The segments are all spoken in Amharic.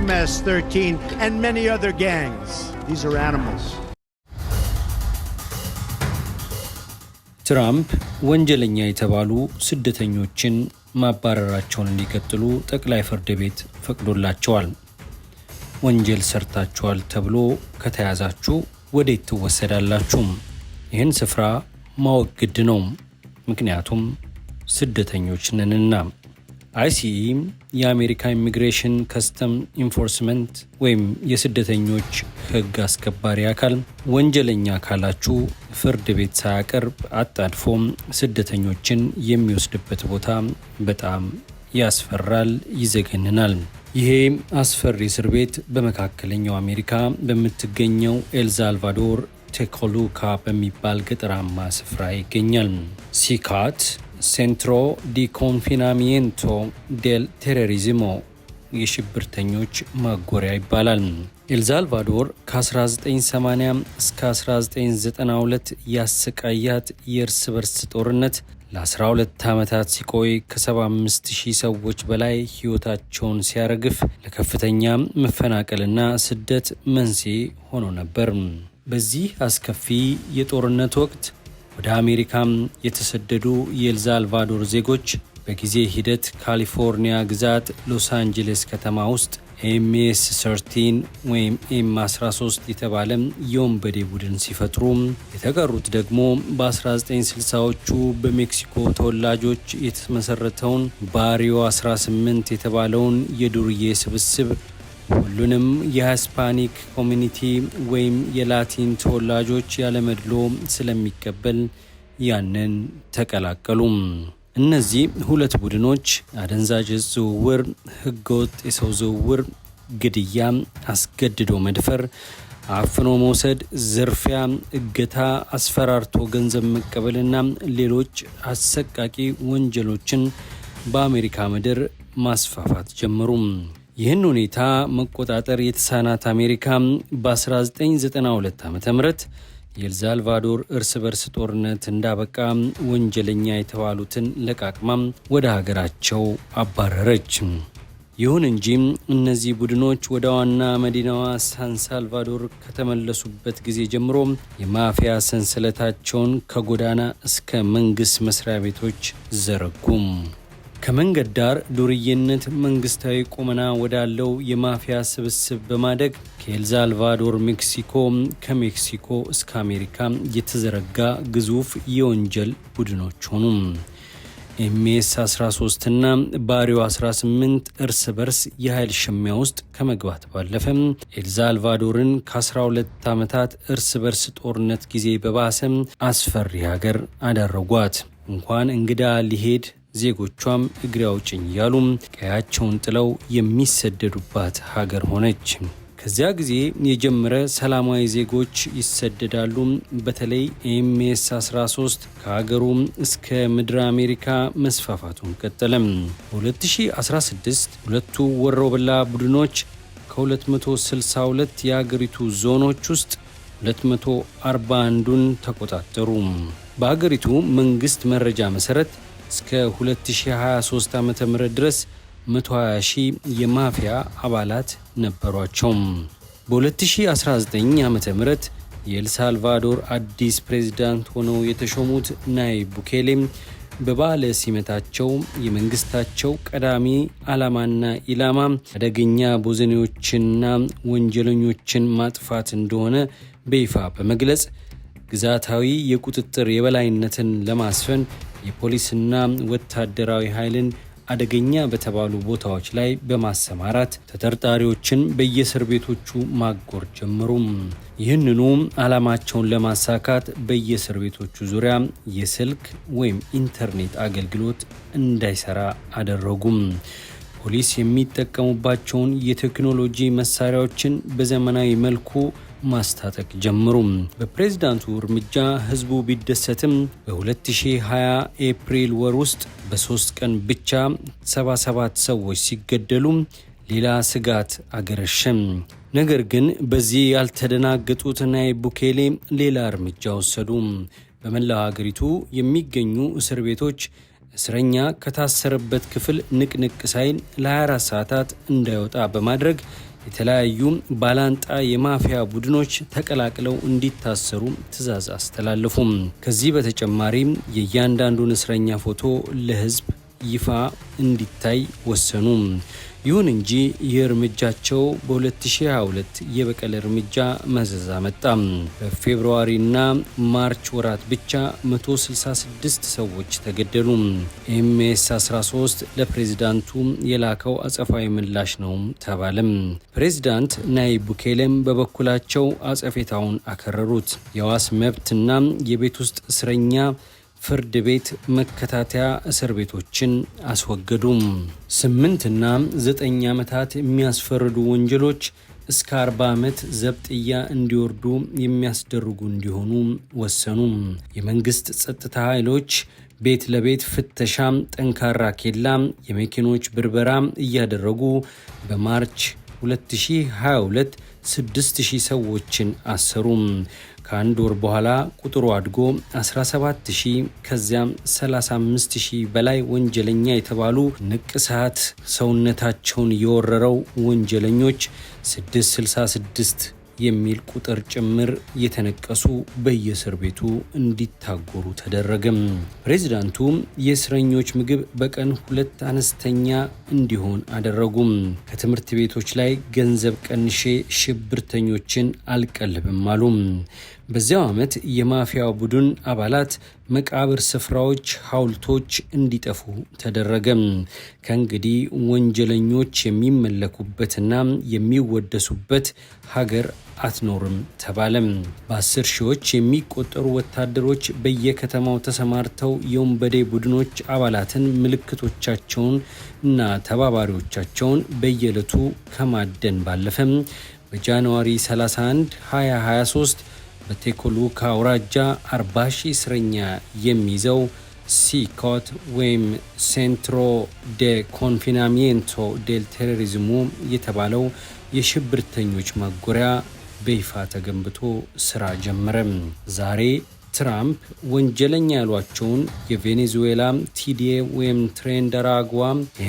MS 13, and many other gangs. These are animals. ትራምፕ ወንጀለኛ የተባሉ ስደተኞችን ማባረራቸውን እንዲቀጥሉ ጠቅላይ ፍርድ ቤት ፈቅዶላቸዋል። ወንጀል ሰርታችኋል ተብሎ ከተያዛችሁ ወዴት ትወሰዳላችሁም ይህን ስፍራ ማወቅ ግድ ነው፣ ምክንያቱም ስደተኞች ነንና። አይሲ የአሜሪካ ኢሚግሬሽን ከስተም ኢንፎርስመንት ወይም የስደተኞች ሕግ አስከባሪ አካል ወንጀለኛ ካላችሁ ፍርድ ቤት ሳያቀርብ አጣድፎም ስደተኞችን የሚወስድበት ቦታ በጣም ያስፈራል፣ ይዘገንናል። ይሄ አስፈሪ እስር ቤት በመካከለኛው አሜሪካ በምትገኘው ኤልሳልቫዶር ቴኮሉካ በሚባል ገጠራማ ስፍራ ይገኛል። ሲካት ሴንትሮ ዲ ኮንፊናሚንቶ ዴል ቴሮሪዝሞ የሽብርተኞች ማጎሪያ ይባላል። ኤልሳልቫዶር ከ1980 እስከ 1992 ያሰቃያት የእርስ በርስ ጦርነት ለ12 ዓመታት ሲቆይ ከ 75000 ሰዎች በላይ ሕይወታቸውን ሲያረግፍ ለከፍተኛ መፈናቀልና ስደት መንስኤ ሆኖ ነበር። በዚህ አስከፊ የጦርነት ወቅት ወደ አሜሪካም የተሰደዱ የኤልዛልቫዶር ዜጎች በጊዜ ሂደት ካሊፎርኒያ ግዛት ሎስ አንጀለስ ከተማ ውስጥ ኤምኤስ 13 ወይም ኤም 13 የተባለ የወንበዴ ቡድን ሲፈጥሩ የተቀሩት ደግሞ በ1960ዎቹ በሜክሲኮ ተወላጆች የተመሰረተውን ባሪዮ 18 የተባለውን የዱርዬ ስብስብ ሁሉንም የሂስፓኒክ ኮሚኒቲ ወይም የላቲን ተወላጆች ያለመድሎ ስለሚቀበል ያንን ተቀላቀሉ። እነዚህ ሁለት ቡድኖች አደንዛዥ ዝውውር፣ ህገወጥ የሰው ዝውውር፣ ግድያ፣ አስገድዶ መድፈር፣ አፍኖ መውሰድ፣ ዝርፊያ፣ እገታ፣ አስፈራርቶ ገንዘብ መቀበልና ሌሎች አሰቃቂ ወንጀሎችን በአሜሪካ ምድር ማስፋፋት ጀምሩ። ይህን ሁኔታ መቆጣጠር የተሳናት አሜሪካ በ1992 ዓ ም የኤልሳልቫዶር እርስ በርስ ጦርነት እንዳበቃ ወንጀለኛ የተባሉትን ለቃቅማ ወደ ሀገራቸው አባረረች። ይሁን እንጂ እነዚህ ቡድኖች ወደ ዋና መዲናዋ ሳንሳልቫዶር ከተመለሱበት ጊዜ ጀምሮ የማፊያ ሰንሰለታቸውን ከጎዳና እስከ መንግሥት መስሪያ ቤቶች ዘረጉም። ከመንገድ ዳር ዱርዬነት መንግስታዊ ቁመና ወዳለው የማፊያ ስብስብ በማደግ ከኤልዛልቫዶር ሜክሲኮ፣ ከሜክሲኮ እስከ አሜሪካ የተዘረጋ ግዙፍ የወንጀል ቡድኖች ሆኑ። ኤምኤስ 13 እና ባሪዮ 18 እርስ በርስ የኃይል ሽሚያ ውስጥ ከመግባት ባለፈ ኤልዛልቫዶርን ከ12 ዓመታት እርስ በርስ ጦርነት ጊዜ በባሰ አስፈሪ ሀገር አዳረጓት። እንኳን እንግዳ ሊሄድ ዜጎቿም እግሬ አውጭኝ እያሉም ቀያቸውን ጥለው የሚሰደዱባት ሀገር ሆነች። ከዚያ ጊዜ የጀመረ ሰላማዊ ዜጎች ይሰደዳሉ። በተለይ ኤምኤስ 13 ከሀገሩ እስከ ምድረ አሜሪካ መስፋፋቱን ቀጠለም። በ2016 ሁለቱ ወሮበላ ቡድኖች ከ262 የሀገሪቱ ዞኖች ውስጥ 241ዱን ተቆጣጠሩ። በሀገሪቱ መንግሥት መረጃ መሠረት እስከ 2023 ዓ ም ድረስ 120 ሺህ የማፊያ አባላት ነበሯቸው። በ2019 ዓ ም የኤልሳልቫዶር አዲስ ፕሬዝዳንት ሆነው የተሾሙት ናይብ ቡኬሌም በባለ ሲመታቸው የመንግስታቸው ቀዳሚ ዓላማና ኢላማ አደገኛ ቦዘኔዎችንና ወንጀለኞችን ማጥፋት እንደሆነ በይፋ በመግለጽ ግዛታዊ የቁጥጥር የበላይነትን ለማስፈን የፖሊስና ወታደራዊ ኃይልን አደገኛ በተባሉ ቦታዎች ላይ በማሰማራት ተጠርጣሪዎችን በየእስር ቤቶቹ ማጎር ጀምሩ ይህንኑ ዓላማቸውን ለማሳካት በየእስር ቤቶቹ ዙሪያ የስልክ ወይም ኢንተርኔት አገልግሎት እንዳይሰራ አደረጉም። ፖሊስ የሚጠቀሙባቸውን የቴክኖሎጂ መሳሪያዎችን በዘመናዊ መልኩ ማስታጠቅ ጀምሩ በፕሬዝዳንቱ እርምጃ ህዝቡ ቢደሰትም በ2020 ኤፕሪል ወር ውስጥ በሶስት ቀን ብቻ 77 ሰዎች ሲገደሉ ሌላ ስጋት አገረሸም። ነገር ግን በዚህ ያልተደናገጡት ናይብ ቡኬሌ ሌላ እርምጃ ወሰዱ። በመላው ሀገሪቱ የሚገኙ እስር ቤቶች እስረኛ ከታሰረበት ክፍል ንቅንቅ ሳይን ለ24 ሰዓታት እንዳይወጣ በማድረግ የተለያዩ ባላንጣ የማፊያ ቡድኖች ተቀላቅለው እንዲታሰሩ ትዕዛዝ አስተላልፉም። ከዚህ በተጨማሪም የእያንዳንዱን እስረኛ ፎቶ ለህዝብ ይፋ እንዲታይ ወሰኑ። ይሁን እንጂ ይህ እርምጃቸው በ2022 የበቀል እርምጃ መዘዝ አመጣ። በፌብርዋሪና ማርች ወራት ብቻ 166 ሰዎች ተገደሉ። ኤምኤስ 13 ለፕሬዝዳንቱ የላከው አጸፋዊ ምላሽ ነው ተባለም። ፕሬዝዳንት ናይብ ቡኬሌም በበኩላቸው አጸፌታውን አከረሩት። የዋስ መብትና የቤት ውስጥ እስረኛ ፍርድ ቤት መከታተያ እስር ቤቶችን አስወገዱም። ስምንትና ዘጠኝ ዓመታት የሚያስፈርዱ ወንጀሎች እስከ 40 ዓመት ዘብጥያ እንዲወርዱ የሚያስደርጉ እንዲሆኑ ወሰኑ። የመንግስት ጸጥታ ኃይሎች ቤት ለቤት ፍተሻ፣ ጠንካራ ኬላ፣ የመኪኖች ብርበራ እያደረጉ በማርች 2022 6000 ሰዎችን አሰሩ። ከአንድ ወር በኋላ ቁጥሩ አድጎ 17000 ከዚያም 35000 በላይ ወንጀለኛ የተባሉ ንቅሳት ሰውነታቸውን የወረረው ወንጀለኞች 666 የሚል ቁጥር ጭምር የተነቀሱ በየእስር ቤቱ እንዲታጎሩ ተደረገም። ፕሬዚዳንቱ የእስረኞች ምግብ በቀን ሁለት አነስተኛ እንዲሆን አደረጉም። ከትምህርት ቤቶች ላይ ገንዘብ ቀንሼ ሽብርተኞችን አልቀልብም አሉም። በዚያው ዓመት የማፊያ ቡድን አባላት መቃብር ስፍራዎች፣ ሐውልቶች እንዲጠፉ ተደረገም። ከእንግዲህ ወንጀለኞች የሚመለኩበትና የሚወደሱበት ሀገር አትኖርም ተባለም። በአስር ሺዎች የሚቆጠሩ ወታደሮች በየከተማው ተሰማርተው የወንበዴ ቡድኖች አባላትን፣ ምልክቶቻቸውን እና ተባባሪዎቻቸውን በየዕለቱ ከማደን ባለፈም በጃንዋሪ 31 2023 በቴኮሉካ አውራጃ 40 ሺህ እስረኛ የሚይዘው ሲኮት ወይም ሴንትሮ ደ ኮንፊናሚንቶ ዴል ቴሮሪዝሙ የተባለው የሽብርተኞች ማጎሪያ በይፋ ተገንብቶ ስራ ጀመረም። ዛሬ ትራምፕ ወንጀለኛ ያሏቸውን የቬኔዙዌላ ቲዲኤ ወይም ትሬንደራጓ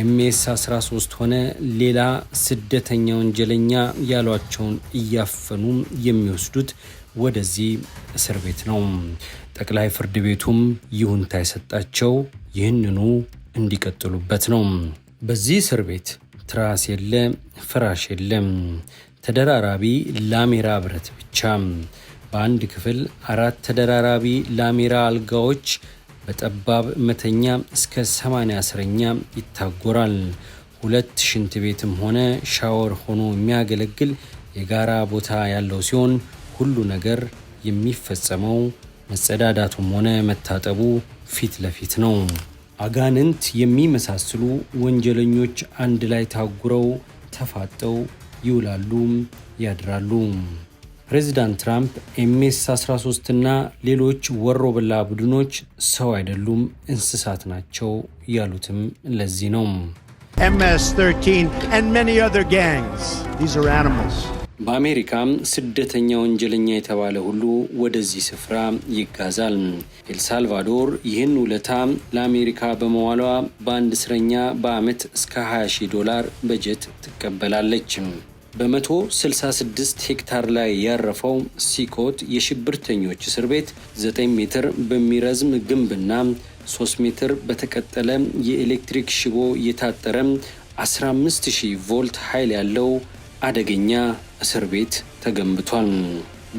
ኤምኤስ 13 ሆነ ሌላ ስደተኛ ወንጀለኛ ያሏቸውን እያፈኑ የሚወስዱት ወደዚህ እስር ቤት ነው። ጠቅላይ ፍርድ ቤቱም ይሁንታ የሰጣቸው ይህንኑ እንዲቀጥሉበት ነው። በዚህ እስር ቤት ትራስ የለ፣ ፍራሽ የለም። ተደራራቢ ላሜራ ብረት ብቻ። በአንድ ክፍል አራት ተደራራቢ ላሜራ አልጋዎች በጠባብ መተኛ እስከ 80 እስረኛ ይታጎራል። ሁለት ሽንት ቤትም ሆነ ሻወር ሆኖ የሚያገለግል የጋራ ቦታ ያለው ሲሆን ሁሉ ነገር የሚፈጸመው መጸዳዳቱም ሆነ መታጠቡ ፊት ለፊት ነው። አጋንንት የሚመሳስሉ ወንጀለኞች አንድ ላይ ታጉረው ተፋጠው ይውላሉም ያድራሉ። ፕሬዚዳንት ትራምፕ ኤምኤስ 13 እና ሌሎች ወሮበላ ቡድኖች ሰው አይደሉም እንስሳት ናቸው ያሉትም ለዚህ ነው። ኤምኤስ 13 and many other gangs. These are animals. በአሜሪካም ስደተኛ ወንጀለኛ የተባለ ሁሉ ወደዚህ ስፍራ ይጋዛል። ኤልሳልቫዶር ይህን ውለታ ለአሜሪካ በመዋሏ በአንድ እስረኛ በዓመት እስከ 20 ሺህ ዶላር በጀት ትቀበላለች። በ166 ሄክታር ላይ ያረፈው ሲኮት የሽብርተኞች እስር ቤት 9 ሜትር በሚረዝም ግንብና 3 ሜትር በተቀጠለ የኤሌክትሪክ ሽቦ የታጠረ 15000 ቮልት ኃይል ያለው አደገኛ እስር ቤት ተገንብቷል።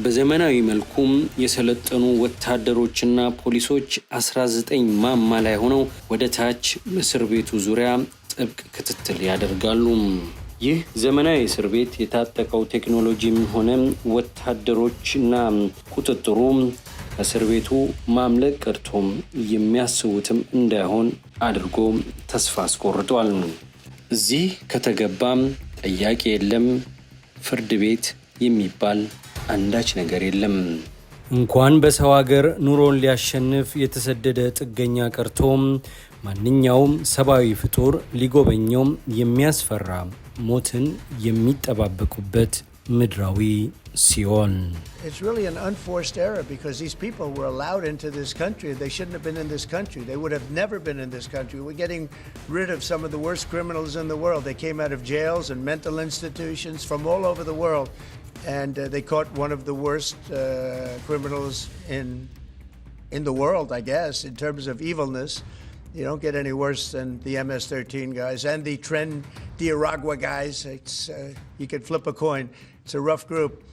በዘመናዊ መልኩም የሰለጠኑ ወታደሮችና ፖሊሶች 19 ማማ ላይ ሆነው ወደ ታች እስር ቤቱ ዙሪያ ጥብቅ ክትትል ያደርጋሉ። ይህ ዘመናዊ እስር ቤት የታጠቀው ቴክኖሎጂም ሆነ ወታደሮችና ቁጥጥሩ እስር ቤቱ ማምለቅ ቀርቶም የሚያስቡትም እንዳይሆን አድርጎ ተስፋ አስቆርጧል። እዚህ ከተገባም ጥያቄ የለም፣ ፍርድ ቤት የሚባል አንዳች ነገር የለም። እንኳን በሰው ሀገር ኑሮን ሊያሸንፍ የተሰደደ ጥገኛ ቀርቶ ማንኛውም ሰብአዊ ፍጡር ሊጎበኘው የሚያስፈራ ሞትን የሚጠባበቁበት ምድራዊ Sion. It's really an unforced error because these people were allowed into this country. They shouldn't have been in this country. They would have never been in this country. We're getting rid of some of the worst criminals in the world. They came out of jails and mental institutions from all over the world, and uh, they caught one of the worst uh, criminals in in the world, I guess, in terms of evilness. You don't get any worse than the MS-13 guys and the Tren Diaragua guys. It's uh, you could flip a coin. It's a rough group.